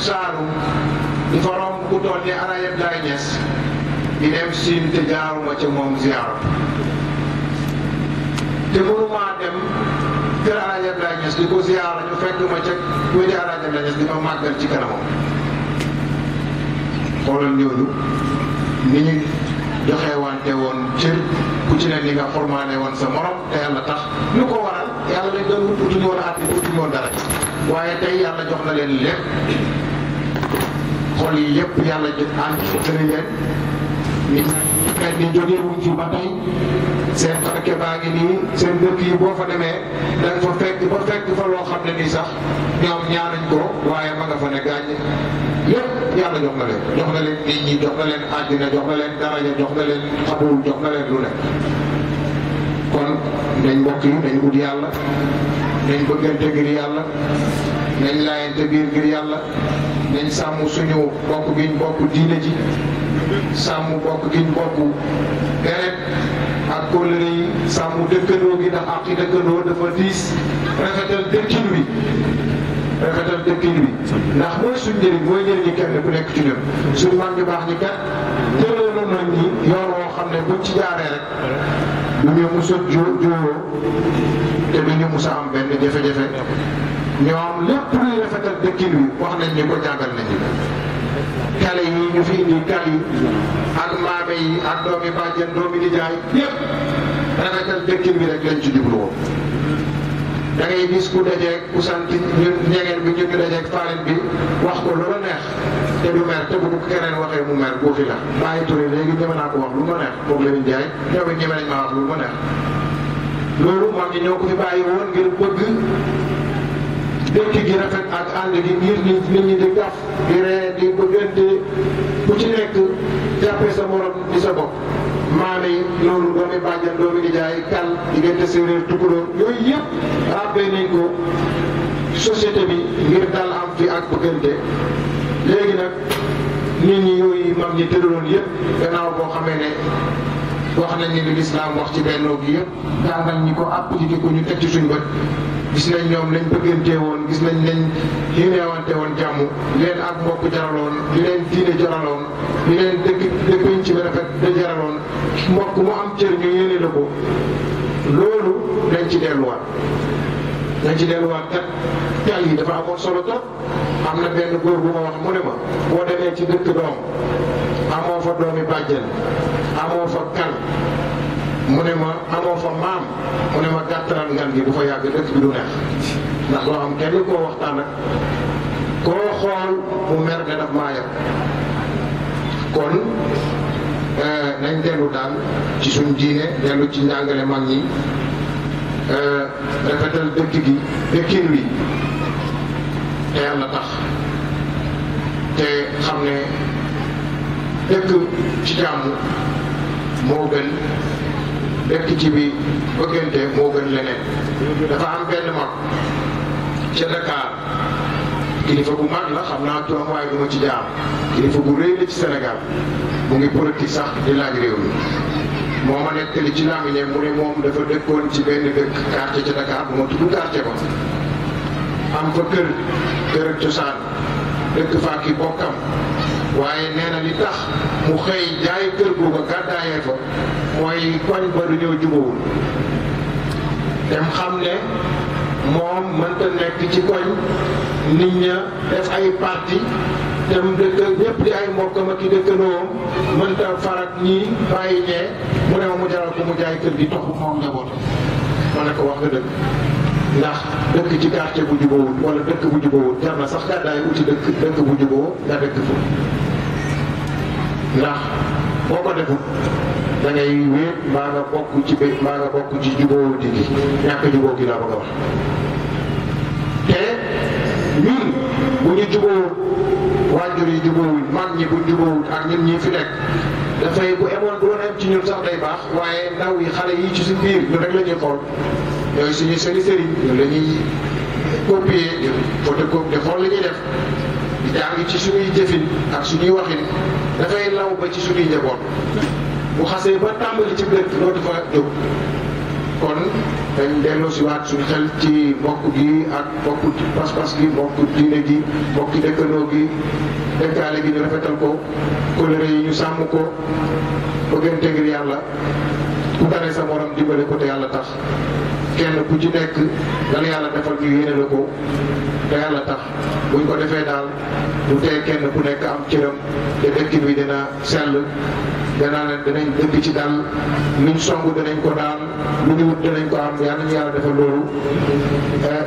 saalum di fa romb ku toll ni Alaayeb Laay di dem Siin te jaaruma ca moom ziyaara te mënumaa dem kër Alaayeb Laay Ñas ko ziyaara ñu fekk ma ca wéti Alaayeb Laay Ñas di ma màggal ci kanamam xoolal ñooñu ni ñu joxe wante woon cër ku ci ne ni nga formaane woon sa morom te yàlla tax lu ko waral yàlla lañ doon wut utuñu woon a at utuñu woon dara waaye tey yàlla jox na leen lépp xol yi yëpp yàlla jëf ànd tëri boo fa demee da loo xam ne nii sax ñoom ñaanuñ ko waaye ma nga fa jox na leen jox na leen nit ñi jox na leen àddina jox na leen daraja jox na leen xabul jox na leen lu ne kon nañ mbokk nañ ut yàlla nañ bëggante ngir yàlla nañ laayante biir ngir yàlla nañ sàmm suñu bokk gi ñu bokk diine ji sàmm bokk gi ñu bokk deret ak kóllëre yi sàmm dëkkandoo gi ndax àqi dëkkandoo dafa diis rafetal dëkkin wi ndax mooy suñ njëriñ mooy njëriñu kenn ku nekk ci ñun suñu mag ñu baax ñi kat jëloon nañ ñi yoon woo xam ne buñ ci jaaree rek du ñu mos a joo joo te du ñu mos am benn jafe-jafe ñoom lépp luy rafetal dëkkin wi wax nañ ni ko jàngal nañu kale yi ñu fi indi kal yi ak maame bi rek lañ ci jublu woon da ngay gis ku dajeeg ku sant ñun bi ñun ñu dajeeg faarin bi wax ko lu la neex te du mer te bu ko waxee mu mer boo fi la bàyyi turé léegi ñeme naa ko wax lu ma neex moom la ñu jaay ñoom it ñeme nañ maa wax lu ma neex loolu mag ñi ñoo ko fi bàyyi woon ngir bëgg dëkk gi rafet ak ànd gi ngir nit ñi di kaf di ree di bëggante ku ci nekk jàppee sa morom di sa bopp maame yi loolu doomi bàjjan doomi nijaay kal diggante séeréer tukulóor yooyu yëpp ràbbee nañ ko bi ngir dal am fi ak bëggante léegi nag nit ñi yooyu mag ñi tëraloon yëpp gannaaw boo xamee ne wax nañ ne li lislaam wax ci bennoo gi yëpp jàngal ñi ko appliqué ko ñu teg ci suñu gis nañ ñoom lañ bëggante woon gis nañ lañ yéeneewante woon jàmm leen ak mbokk jaraloon di leen diine jaraloon leen dëkk dëkkuñ ci ba rafet da jaraloon mbokk mu am cër ñu yéene la loolu dañ ci delluwaat dañ ci delluwaat kat hôpital dafa amoon solo trop am na benn góor bu ma wax mu ne ma boo demee ci dëkk doom amoo fa doomi bàjjen amoo fa kan mu ne ma amoo fa maam mu ne ma gàttaral ngan gi du fa yàgg dëkk bi du neex ndax loo am kenn koo waxtaan ak koo xool mu mer ne daf maa kon euh, nañ dellu daal ci suñ diine dellu ci njàngale mag ñi euh, rafetal dëkk gi dëkkin wi te yàlla tax te xam ne dëkk ci jàmm moo gën dëkk ci bi bëggante moo gën leneen dafa am benn mag ca Dakar kilifa bu mag la xam naa turam waaye du ma ci jaam kilifa bu rëy la ci Sénégal mu ngi politique sax di laaj réew mi moo ma nettali ci làmmiñam mu ne moom dafa dëkkoon ci benn dëkk quartier ca Dakar bu ma tudd quartier ba am fa kër kër cosaan dëkk fa bokkam waaye nee li tax mu xëy jaay kër googa gàddaayee fa mooy koñ ba du ñëw jubawul dem xam ne moom mënta nekk ci koñ nit ña def ay parti dem dëkk ñëpp di ay mbokkam ak i dëkkanoom mënta farak ñii bàyyi ñee mu ne ma mu jaral ko mu jaay kër gi toxu moom njabootam ma ne ko wax nga dëgg ndax dëkk ci quartier bu jubóowul wala dëkk bu jubóowul jar na sax gàddaay uti dëkk dëkk bu jubóo nga dëkk fa ndax boo ko defut da ngay wéet maa nga bokk ci bé maa nga bokk ci jubóowu di gi ñàkk jubóo gi laa bëgg a wax te ñun bu ñu jubóowul waajur yi jubóowul mag ñi bu jubóowul ak ñun ñi fi nekk dafay bu emoon doon ñu sax day baax waaye ndaw yi xale yi ci suñ biir ñun rek la ñuy xool yooyu suñuy sëri sëriñ ñun la ñuy copier di photocopie di xool li ñuy def di jàng ci suñuy jëfin ak suñuy waxin dafay law ba ci suñuy njaboot bu xasee ba tàmbali ci dëkk dootu fa jóg kon dañ delloo si waat suñu xel ci mbokk gi ak mbokk ci pas-pas gi mbokk diine gi mbokk dëkkandoo gi dëkkaale gi ñu rafetal ko kóllëre yi ñu sàmm ko bëggante ngir la ku gane sa morom dimbale ko te yàlla tax kenn ku ci nekk dana yàlla defal ñu yéene la ko te yàlla tax buñ ko defee daal du tee kenn ku nekk am cëram te dëkk bi dina sell danaa leen danañ dëkk ci daal luñ song danañ ko daal lu ñu wut danañ ko am yàlla ñu yàlla defal loolu eh,